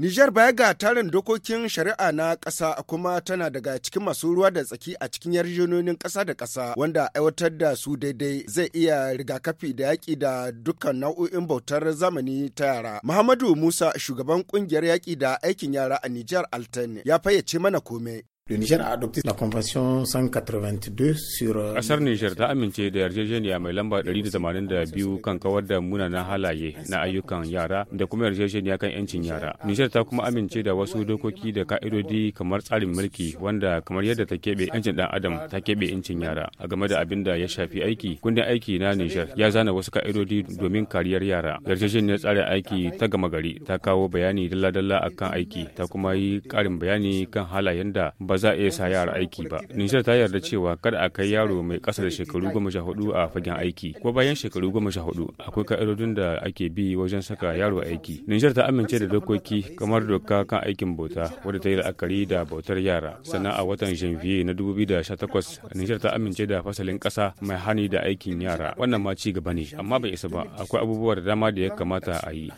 Nijar baya ga tarin dokokin shari'a na ƙasa kuma tana daga cikin masu ruwa da tsaki a cikin yarjejeniyoyin ƙasa da ƙasa wanda aiwatar da su daidai zai iya rigakafi da yaƙi da dukkan nau'o'in bautar zamani ta yara. Muhammadu Musa shugaban ƙungiyar yaƙi da aikin yara a Nijar Alten ya fayyace mana komai. Le Niger a adopté la convention 182 sur euh, Kasar Niger ta amince da yarjejeniya mai lamba 182 kan kawar da munanan halaye na ayyukan yara da kuma yarjejeniya kan yancin yara. Niger ta kuma amince da wasu dokoki da ka'idodi kamar tsarin mulki wanda kamar yadda ta keɓe yancin dan adam ta keɓe yancin yara a game da abin da ya shafi aiki. Kundin aiki na Niger ya zana wasu ka'idodi domin kariyar yara. Yarjejeniyar tsarin aiki ta gama gari ta kawo bayani dalla-dalla akan aiki ta kuma yi ƙarin bayani kan halayen da ba za a iya sa yara aiki ba. Nijar ta yarda cewa kada a kai yaro mai ƙasa da shekaru goma sha hudu a fagen aiki. Ko bayan shekaru goma sha hudu akwai ka'idodin da ake bi wajen saka yaro aiki. Nijar ta amince da dokoki kamar doka kan aikin bauta wadda ta yi la'akari da bautar yara. Sannan a watan Janvier na 2018 Nijar ta amince da fasalin ƙasa mai hani da aikin yara. Wannan ma ci gaba ne amma bai isa ba akwai abubuwa da dama da ya kamata a yi.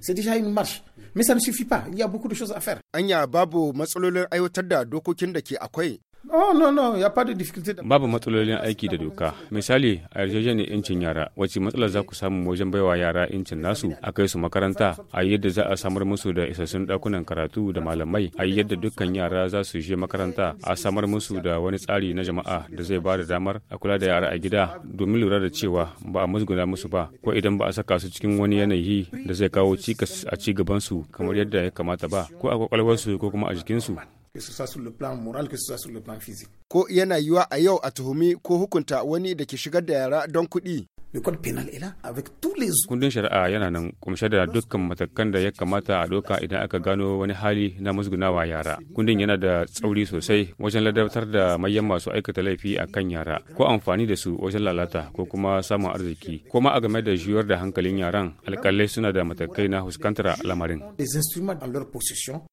c'est déjà une marche. Mais ça ne suffit pas, il y a beaucoup de choses faire. Anya babu matsalolin aiwatar da dokokin da ke akwai. Babu matsalolin aiki da doka. Misali, a yarjejeniyar incin yara, wacce matsalar za ku samu wajen baiwa yara incin nasu, a kai su makaranta, a yi yadda za a samar musu da isassun ɗakunan karatu da malamai, a yi yadda dukkan yara za su je makaranta, a samar musu da wani tsari na jama'a da zai ba da damar a kula da yara a gida domin lura da cewa ba a musguna musu ba, ko idan ba a saka su cikin wani yanayi da zai kawo cikas a ci gabansu kamar yadda ya kamata ba, ko a kwakwalwarsu ko kuma a jikinsu. que ce soit sur le plan moral, que ce soit sur le plan physique. Ko yana yiwa a yau a tuhumi ko hukunta wani da ke shigar da yara don kuɗi. Kundin shari'a yana nan kumshe da dukkan matakan da ya kamata a doka idan aka gano wani hali na musgunawa yara. Kundin yana da tsauri sosai wajen ladabtar da mayan masu aikata laifi a kan yara, ko amfani da su wajen lalata ko kuma samun arziki, ko ma a game da juyar da hankalin yaran alƙalai suna da matakai na huskantar lamarin.